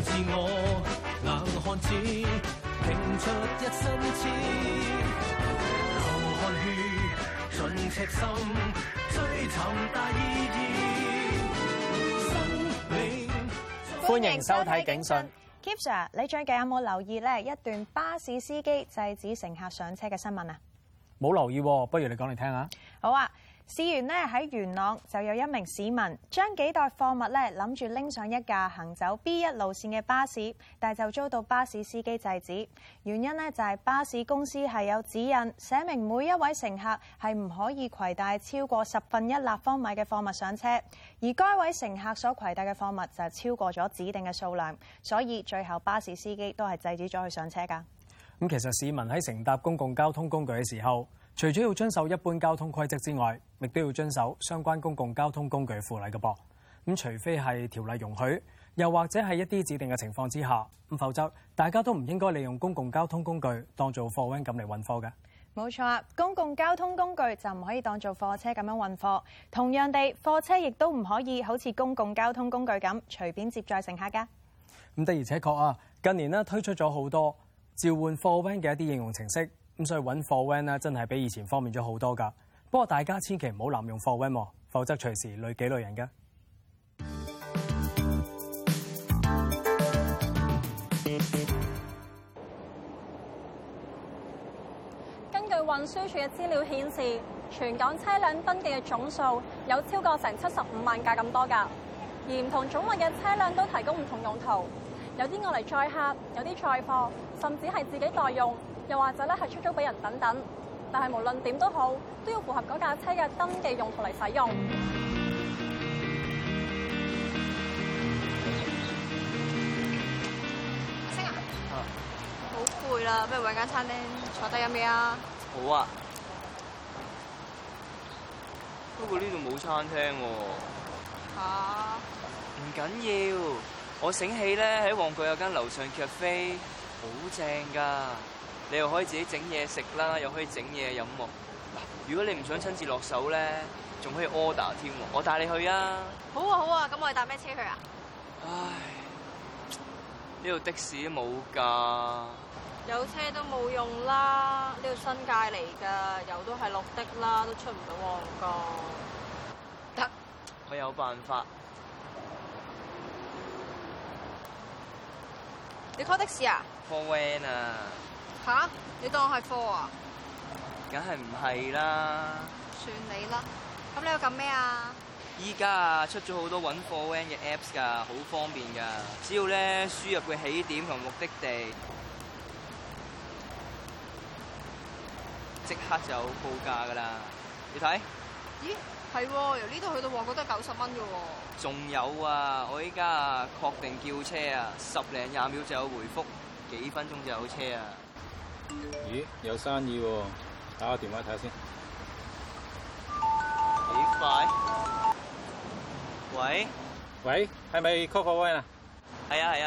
歡迎收睇警訊 ，Keep Sir，你最近有冇留意呢一段巴士司機制止乘客上車嘅新聞啊？冇留意，不如你講嚟聽下。好啊。試完，呢喺元朗就有一名市民將幾袋貨物呢，諗住拎上一架行走 B1 路線嘅巴士，但係就遭到巴士司機制止。原因呢就係、是、巴士公司係有指引寫明每一位乘客係唔可以攜帶超過十分一立方米嘅貨物上車，而該位乘客所攜帶嘅貨物就超過咗指定嘅數量，所以最後巴士司機都係制止咗佢上車噶。咁其實市民喺乘搭公共交通工具嘅時候，除咗要遵守一般交通規則之外，亦都要遵守相關公共交通工具附例嘅噃。咁除非係條例容許，又或者係一啲指定嘅情況之下，咁否則大家都唔應該利用公共交通工具當做貨運咁嚟運貨嘅。冇錯啊，公共交通工具就唔可以當做貨車咁樣運貨，同樣地，貨車亦都唔可以好似公共交通工具咁隨便接載乘客㗎。咁，的而且確啊，近年咧推出咗好多召喚貨 van 嘅一啲應用程式。咁所以揾貨 van 咧，真係比以前方便咗好多噶。不過大家千祈唔好濫用貨 van，否則隨時累幾類人噶。根據運輸署嘅資料顯示，全港車輛登記嘅總數有超過成七十五萬架咁多噶。而唔同種類嘅車輛都提供唔同用途，有啲用嚟載客，有啲載貨，甚至係自己代用。又或者咧，係出租俾人等等，但係無論點都好，都要符合嗰架車嘅登記用途嚟使用星。星啊，好攰啦，不如揾間餐廳坐低飲嘢啊。好啊，不過呢度冇餐廳喎，啊啊。吓，唔緊要，我醒起咧喺旺角有間樓上咖啡，好正噶。你又可以自己整嘢食啦，又可以整嘢飲喎。嗱，如果你唔想親自落手咧，仲可以 order 添喎。我帶你去啊。好啊，好啊，咁我哋搭咩車去啊？唉，呢度的士都冇噶。有車都冇用啦，呢度新界嚟噶，又都係綠的啦，都出唔到旺角。得，我有辦法。你 call 的士啊？call van 啊！吓、啊！你當我係貨啊？梗係唔係啦！算你啦。咁你又撳咩啊？依家啊，出咗好多揾貨 van 嘅 apps 噶好方便噶只要咧輸入嘅起點同目的地，即刻就有報價噶啦。你睇？咦，係由呢度去到旺角都係九十蚊噶。仲有啊！我依家啊，確定叫車啊，十零廿秒就有回覆幾分鐘就有車啊！咦，有生意喎！啊！打個電話睇下先。幾快？喂？喂？係咪 Coco Wayne 啊？係啊係啊，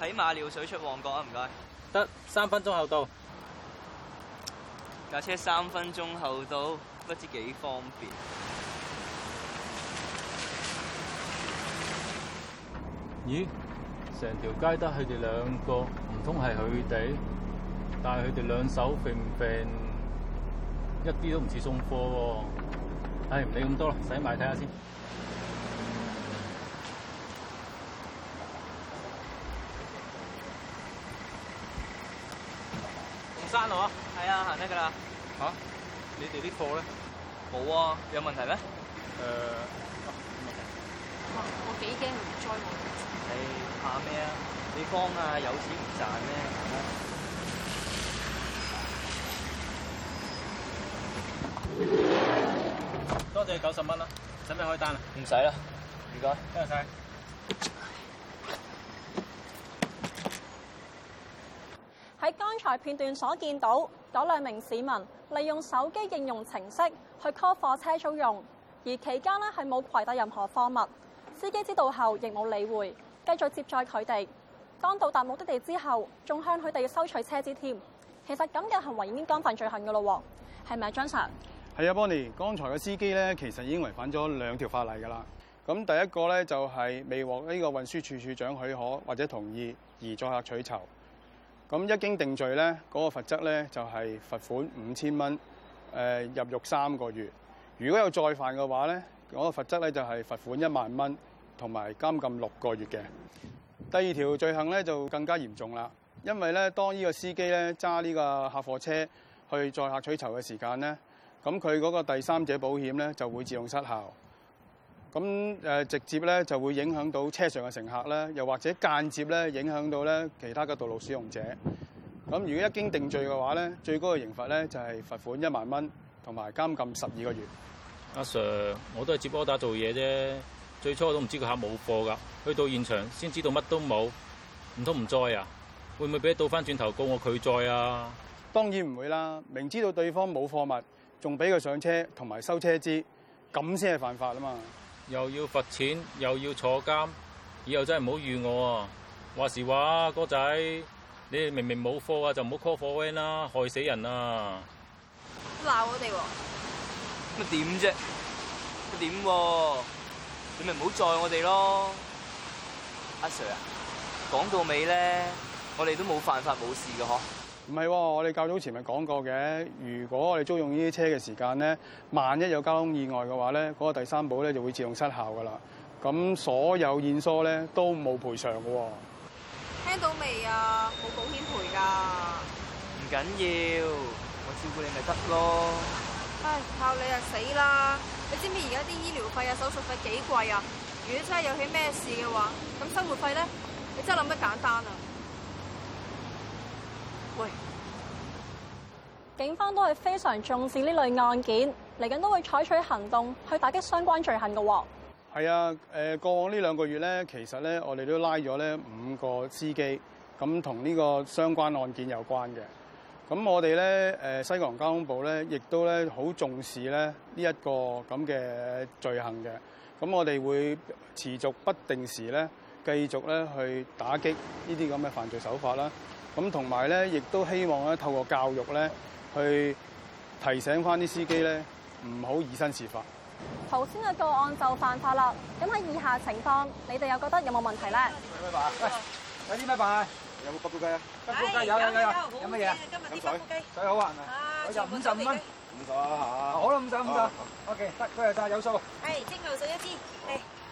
喺馬料水出旺角啊！唔該。得三分鐘後到。架車三分鐘後到，不知幾方便。咦？成條街得佢哋兩個，唔通係佢哋？但係佢哋兩手並唔並？一啲都唔似送貨喎。唉，唔理咁多啦，使埋睇下先。唔刪啊，係啊，行得噶啦。吓？你哋啲貨咧？冇啊，有問題咩？誒、呃啊，我幾驚唔再。你怕咩啊？你慌啊？有錢唔賺咩？九十蚊啦，使唔使開單啊？唔使啦，唔該。睇下睇。喺剛才片段所見到，嗰兩名市民利用手機應用程式去 call 貨車租用，而期間呢係冇携帶任何貨物。司機知道後亦冇理會，繼續接載佢哋。當到達目的地之後，仲向佢哋收取車資添。其實咁嘅行為已經干犯罪行噶咯，係咪張 Sir？係啊，Bonnie，剛才嘅司機咧，其實已經違反咗兩條法例㗎啦。咁第一個咧就係未獲呢個運輸處處長許可或者同意而載客取酬。咁一經定罪咧，嗰個罰則咧就係罰款五千蚊，誒入獄三個月。如果有再犯嘅話咧，嗰個罰則咧就係罰款一萬蚊同埋監禁六個月嘅。第二條罪行咧就更加嚴重啦，因為咧當呢個司機咧揸呢個客貨車去載客取酬嘅時間咧。咁佢嗰個第三者保險咧就會自動失效，咁誒、呃、直接咧就會影響到車上嘅乘客咧，又或者間接咧影響到咧其他嘅道路使用者。咁如果一經定罪嘅話咧，最高嘅刑罰咧就係、是、罰款一萬蚊同埋監禁十二個月。阿、啊、Sir，我都係接 order 做嘢啫，最初我都唔知個客冇貨㗎，去到現場先知道乜都冇，唔通唔載啊？會唔會俾倒翻轉頭告我拒載啊？當然唔會啦，明知道對方冇貨物。仲俾佢上車同埋收車資，咁先係犯法啊嘛！又要罰錢又要坐監，以後真係唔好預我喎、啊！話時話，哥仔，你哋明明冇貨啊，就唔好 call 火 Van 啦，害死人啊！鬧我哋喎！咁點啫？點喎？你咪唔好載我哋咯，阿 Sir 啊！講到尾咧，我哋都冇犯法冇事嘅嗬。唔係喎，我哋較早前咪講過嘅，如果我哋租用呢啲車嘅時間咧，萬一有交通意外嘅話咧，嗰個第三保咧就會自動失效㗎啦。咁所有現疏咧都冇賠償嘅喎。聽到未啊？冇保險賠㗎。唔緊要，我照顧你咪得咯。唉，靠你啊死啦！你知唔知而家啲醫療費啊、手術費幾貴啊？如果真係有起咩事嘅話，咁生活費咧，你真係諗得簡單啊？喂，警方都係非常重視呢類案件，嚟緊都會採取行動去打擊相關罪行噶。係啊，誒，過往呢兩個月咧，其實咧，我哋都拉咗咧五個司機，咁同呢個相關案件有關嘅。咁我哋咧，誒，西九龍交通部咧，亦都咧好重視咧呢一個咁嘅罪行嘅。咁我哋會持續不定時咧，繼續咧去打擊呢啲咁嘅犯罪手法啦。咁同埋咧，亦都希望咧，透過教育咧，去提醒翻啲司機咧，唔好以身試法。頭先嘅個案就犯法啦。咁喺以下情況，你哋又覺得有冇問題咧？喂，咩白啊？喂，阿有咩白啊？有冇白烏雞啊？白烏雞有有有有。有乜嘢啊？水好啊，啊，啊。啊，五十五蚊。五十啊嚇。好啦，五十五十。OK，得佢啊，有數。係，蒸餾水一支。嚟。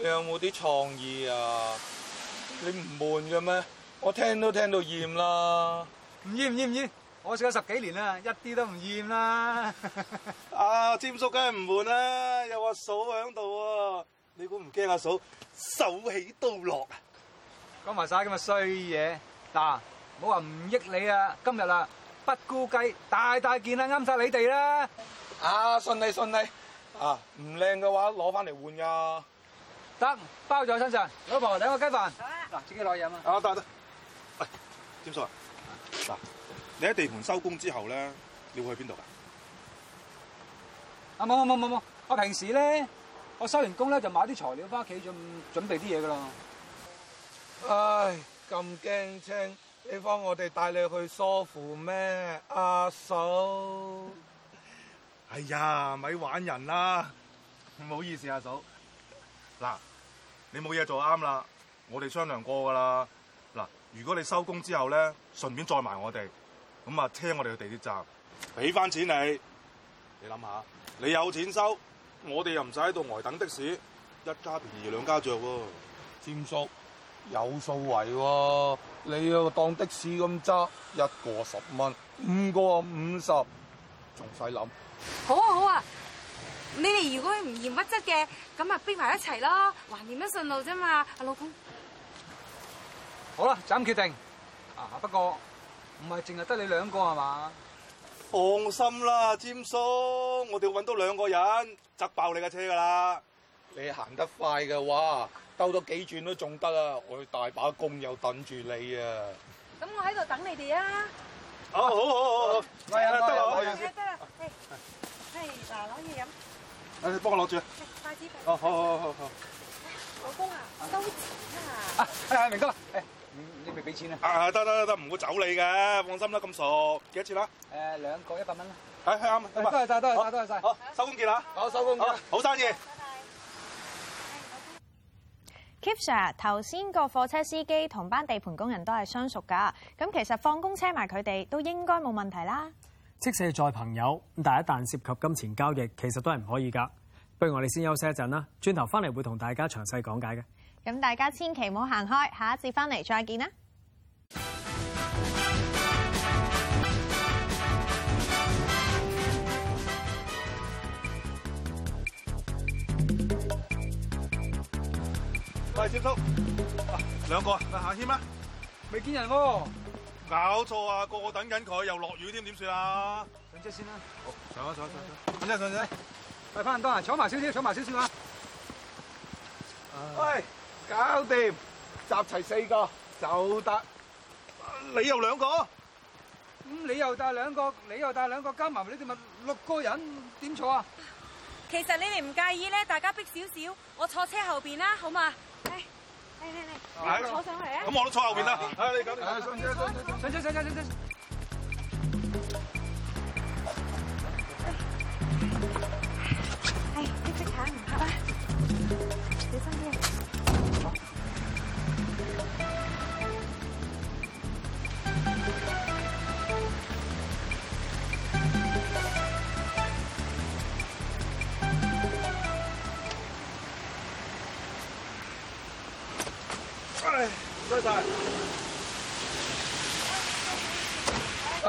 你有冇啲創意啊？你唔悶嘅咩？我聽都聽到厭啦，唔厭唔厭唔厭，我食咗十幾年啦，一啲都唔厭啦。啊，尖叔梗係唔悶啦，有阿嫂喺度啊，你估唔驚阿嫂手起刀落？講埋晒咁嘅衰嘢，嗱，唔好話唔益你啊！今日啦，不顧計，大大件啦，啱晒你哋啦。啊，順利順利啊，唔靚嘅話攞翻嚟換噶。得，包咗喺身上。老婆，兩、嗯、個雞飯。嗱，自己攞嘢啊好，哦，得得。喂，占叔啊，嗱，你喺地盤收工之後咧，你會去邊度噶？啊冇冇冇冇冇，我平時咧，我收完工咧就買啲材料翻屋企，就準備啲嘢噶啦。唉，咁驚青地，你幫我哋帶你去梳扶咩？阿、啊、嫂，哎呀，咪玩人啦，唔好意思啊，嫂。嗱。你冇嘢做啱啦，我哋商量過噶啦。嗱，如果你收工之後咧，順便載埋我哋，咁啊車我哋去地鐵站，俾翻錢你。你諗下，你有錢收，我哋又唔使喺度呆等的士，一家便宜兩家着喎、啊。占叔有數為喎，你要當的士咁揸，一個十蚊，五個五十，仲使諗？好啊，好啊。你哋如果唔嫌逼質嘅，咁啊逼埋一齊咯，還念乜順路啫嘛？阿老公，好啦，就咁決定。啊，不過唔係淨係得你兩個係嘛？放心啦，尖叔，我哋搵到兩個人，執爆你架車噶啦！你行得快嘅話，兜多幾轉都仲得啊！我要大把工友等住你啊！咁我喺度等你哋啊！好，好，好，好，嚟啦，得啦，得啦，嗱，攞嘢飲！誒，幫我攞住啊！快快啲！哦，好，好，好，好。老公啊，收錢啊！啊，係係明哥，誒，你未俾錢啊？啊，得得得，唔會走你嘅，放心啦，咁熟，幾多錢啦？誒，兩個一百蚊啦。係，啱。多謝晒，多謝晒，多謝晒。好，收工見啦。好，收工見。好，好生意。多謝。Kip Sir，頭先個貨車司機同班地盤工人都係相熟噶，咁其實放工車埋佢哋都應該冇問題啦。即使再朋友，但係一旦涉及金錢交易，其實都係唔可以噶。不如我哋先休息一陣啦，轉頭翻嚟，會同大家詳細講解嘅。咁大家千祈唔好行開，下一節翻嚟再見啦。快點走，兩個，行先啦，未見人哦。搞錯啊！個個等緊佢，又落雨添，點算啊？上車先啦！好，走啊！走啦走上車上車，快翻人多啊！坐埋少少，坐埋少少啊！喂，搞掂，集齊四個就得。你又兩個，咁你又帶兩個，你又帶兩個，加埋你哋咪六個人？點坐啊？其實你哋唔介意咧，大家逼少少，我坐車後邊啦，好嘛？嚟嚟嚟，哎哎、你坐上嚟啊！咁我都坐後邊啦。啊，你咁、啊啊啊啊，上車、啊、上車上車上車。上上上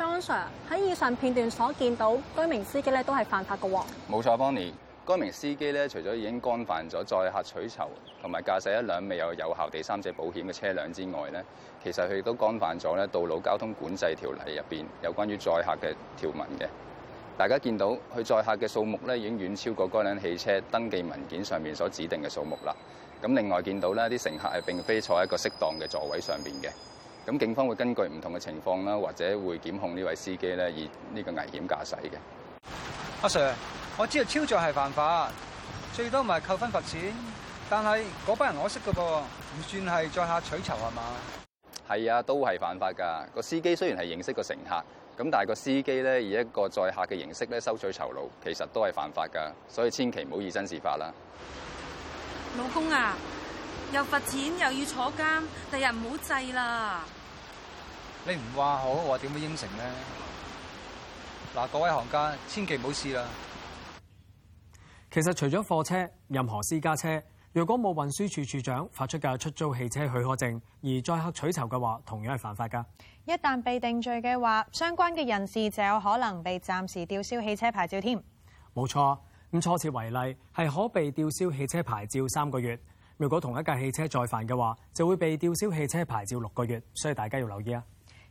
j sir 喺以上片段所見到，居民機 Bonnie、該名司機咧都係犯法嘅喎。冇錯，Bonnie，該名司機咧除咗已經干犯咗載客取酬同埋駕駛一輛未有有效第三者保險嘅車輛之外咧，其實佢亦都干犯咗咧道路交通管制條例入邊有關於載客嘅條文嘅。大家見到佢載客嘅數目咧已經遠超過該輛汽車登記文件上面所指定嘅數目啦。咁另外見到咧啲乘客係並非坐喺一個適當嘅座位上邊嘅。咁警方會根據唔同嘅情況啦，或者會檢控呢位司機咧，以呢個危險駕駛嘅。阿 Sir，我知道超載係犯法，最多唔係扣分罰錢，但係嗰班人我識噶噃，唔算係載客取酬係嘛？係啊，都係犯法噶。個司機雖然係認識個乘客，咁但係個司機咧以一個載客嘅形式咧收取酬勞，其實都係犯法噶。所以千祈唔好以身試法啦。老公啊！又罰錢又要坐監，第日唔好制啦。你唔話好，我點會應承呢？嗱，各位行家，千祈唔好試啦。其實除咗貨車，任何私家車若果冇運輸處處長發出嘅出租汽車許可證而載客取酬嘅話，同樣係犯法噶。一旦被定罪嘅話，相關嘅人士就有可能被暫時吊銷汽車牌照添。冇錯，咁初次為例係可被吊銷汽車牌照三個月。如果同一架汽車再犯嘅話，就會被吊銷汽車牌照六個月，所以大家要留意啊！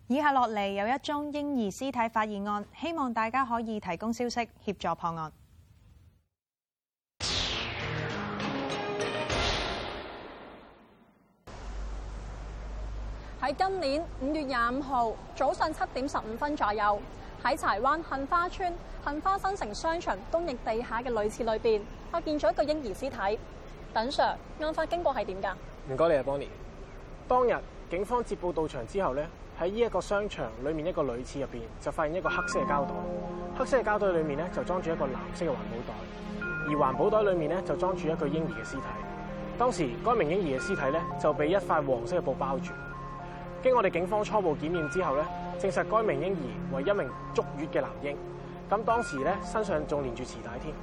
以下落嚟有一宗嬰兒屍體發現案，希望大家可以提供消息協助破案。喺今年五月廿五號早上七點十五分左右，在柴灣杏花村杏花新城商場東翼地下嘅女廁裏面，發現咗一個嬰兒屍體。等 Sir，案發經過係點噶？唔該你啊，Bonnie。當日警方接報到場之後咧，喺呢一個商場裏面一個女廁入邊就發現一個黑色嘅膠袋，黑色嘅膠袋裏面咧就裝住一個藍色嘅環保袋，而環保袋裏面咧就裝住一個嬰兒嘅屍體。當時該名嬰兒嘅屍體咧就被一塊黃色嘅布包住。經我哋警方初步檢驗之後咧，證實該名嬰兒為一名足月嘅男嬰，咁當時咧身上仲連住臍帶添。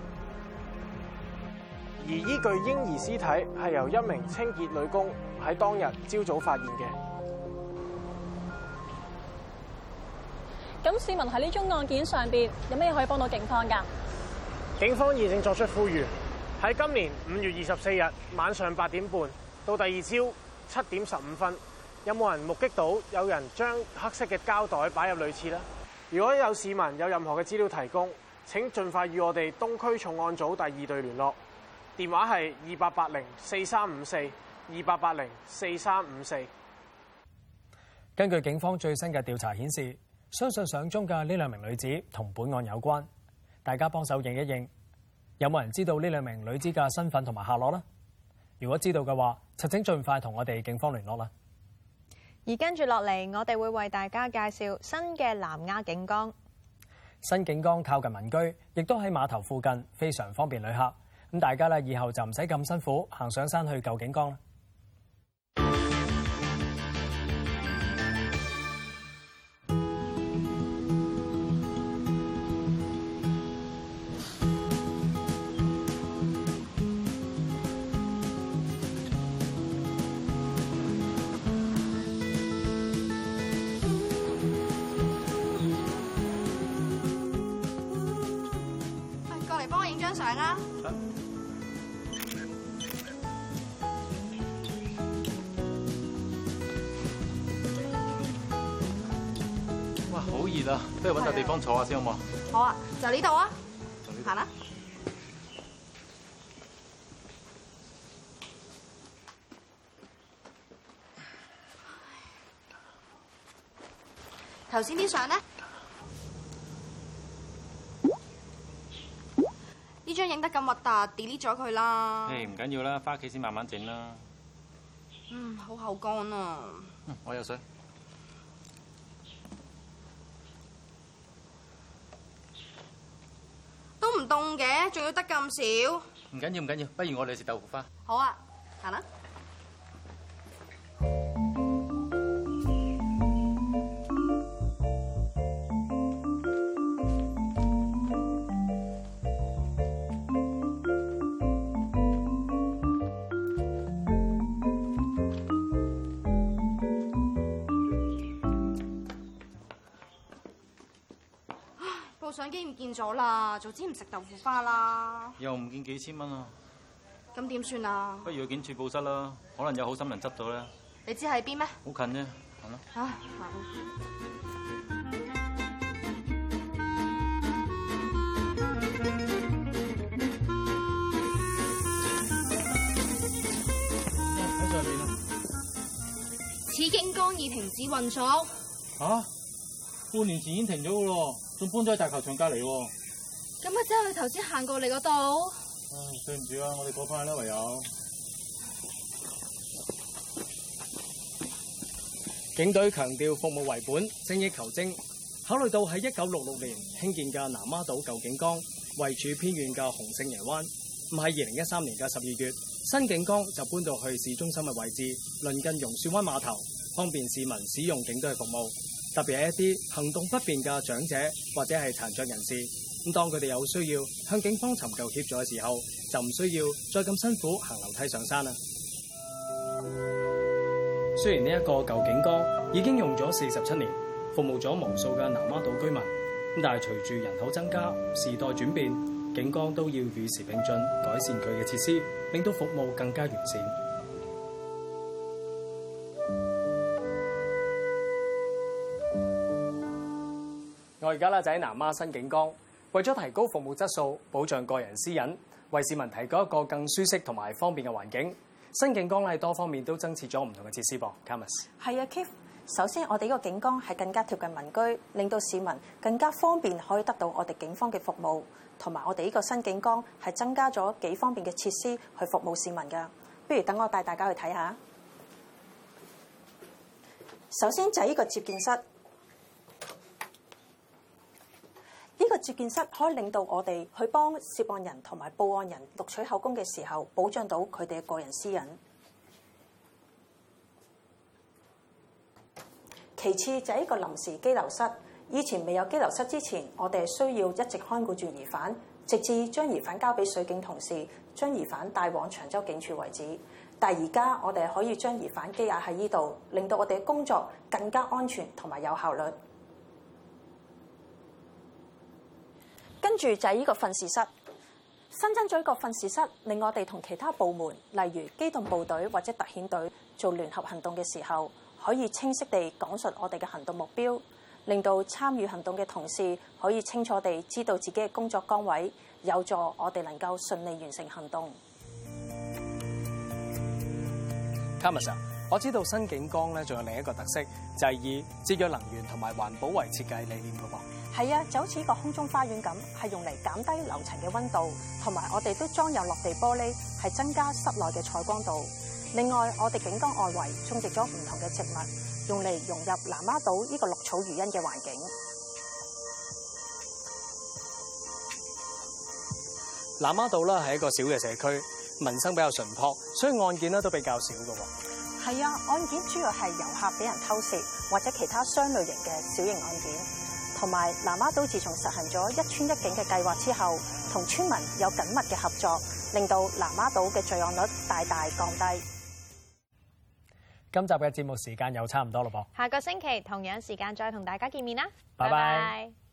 而呢具嬰兒屍體係由一名清潔女工喺當日朝早發現嘅。咁市民喺呢宗案件上邊有咩可以幫到警方㗎？警方現正作出呼籲，喺今年五月二十四日晚上八點半到第二朝七點十五分，有冇人目擊到有人將黑色嘅膠袋擺入女廁啦？如果有市民有任何嘅資料提供，請盡快與我哋東區重案組第二隊聯絡。電話係二八八零四三五四二八八零四三五四。根據警方最新嘅調查顯示，相信相中嘅呢兩名女子同本案有關。大家幫手認一認，有冇人知道呢兩名女子嘅身份同埋下落呢？如果知道嘅話，就請盡快同我哋警方聯絡啦。而跟住落嚟，我哋會為大家介紹新嘅南丫警崗。新警崗，靠近民居，亦都喺碼頭附近，非常方便旅客。大家咧，以後就唔使咁辛苦行上山去舊景光。哇，好熱啊！不如揾笪地方坐下先好唔好？好啊，就呢度啊，就呢度啊。好行啦。頭先啲相咧。整得咁核突，delete 咗佢啦。誒，唔緊要啦，返屋企先慢慢整啦。嗯，好口乾啊。嗯，我有水都唔凍嘅，仲要得咁少。唔緊要，唔緊要，不如我哋食豆腐花。好啊，行啦。相機唔見咗啦，早知唔食豆腐花啦。又唔見幾千蚊啊？咁點算啊？不如去警署報失啦，可能有好心人執到咧。你知喺邊咩？好近啫，行啦。吓，行啦。喺度邊啊？此警崗已停止運作。吓、啊？半年前已經停咗嘅喎。仲搬咗去大球場隔籬喎，咁即係佢頭先行過嚟嗰度，唉對唔住啊，我哋過翻啦，唯有。警隊強調服務為本，精益求精。考慮到喺一九六六年興建嘅南丫島舊警崗位處偏遠嘅洪聖爺灣，唔係二零一三年嘅十二月，新警崗就搬到去市中心嘅位置，鄰近榕樹灣碼頭，方便市民使用警隊嘅服務。特別係一啲行動不便嘅長者或者係殘障人士，咁當佢哋有需要向警方尋求協助嘅時候，就唔需要再咁辛苦行樓梯上山啦。雖然呢一個舊警崗已經用咗四十七年，服務咗無數嘅南丫島居民，但係隨住人口增加、時代轉變，警崗都要與時並進，改善佢嘅設施，令到服務更加完善。而家啦，就喺南丫新警崗，為咗提高服務質素、保障個人私隱，為市民提供一個更舒適同埋方便嘅環境，新警崗咧係多方面都增設咗唔同嘅設施噃。Kamis，係啊，Keith，首先我哋呢個警崗係更加貼近民居，令到市民更加方便可以得到我哋警方嘅服務，同埋我哋呢個新警崗係增加咗幾方面嘅設施去服務市民噶。不如等我帶大家去睇下。首先就係呢個接見室。接見室可以令到我哋去幫涉案人同埋報案人錄取口供嘅時候，保障到佢哋嘅個人私隱。其次就係一個臨時羈留室，以前未有羈留室之前，我哋需要一直看顧住疑犯，直至將疑犯交俾水警同事，將疑犯帶往長洲警署為止。但係而家我哋可以將疑犯羈押喺呢度，令到我哋嘅工作更加安全同埋有效率。住就係呢個訓示室，新增咗一個訓示室，令我哋同其他部門，例如機動部隊或者特遣隊做聯合行動嘅時候，可以清晰地講述我哋嘅行動目標，令到參與行動嘅同事可以清楚地知道自己嘅工作崗位，有助我哋能夠順利完成行動。卡米 Sir，我知道新警崗咧，仲有另一個特色，就係、是、以節約能源同埋環保為設計理念噶噃。係啊，就好似個空中花園咁，係用嚟減低樓層嘅溫度，同埋我哋都裝有落地玻璃，係增加室內嘅採光度。另外，我哋警崗外圍種植咗唔同嘅植物，用嚟融入南丫島呢個綠草如茵嘅環境。南丫島咧係一個小嘅社區，民生比較淳樸，所以案件咧都比較少嘅喎。係啊，案件主要係遊客俾人偷竊或者其他相類型嘅小型案件。同埋南丫島自從實行咗一村一警嘅計劃之後，同村民有緊密嘅合作，令到南丫島嘅罪案率大大降低。今集嘅節目時間又差唔多咯噃，下個星期同樣時間再同大家見面啦。拜拜。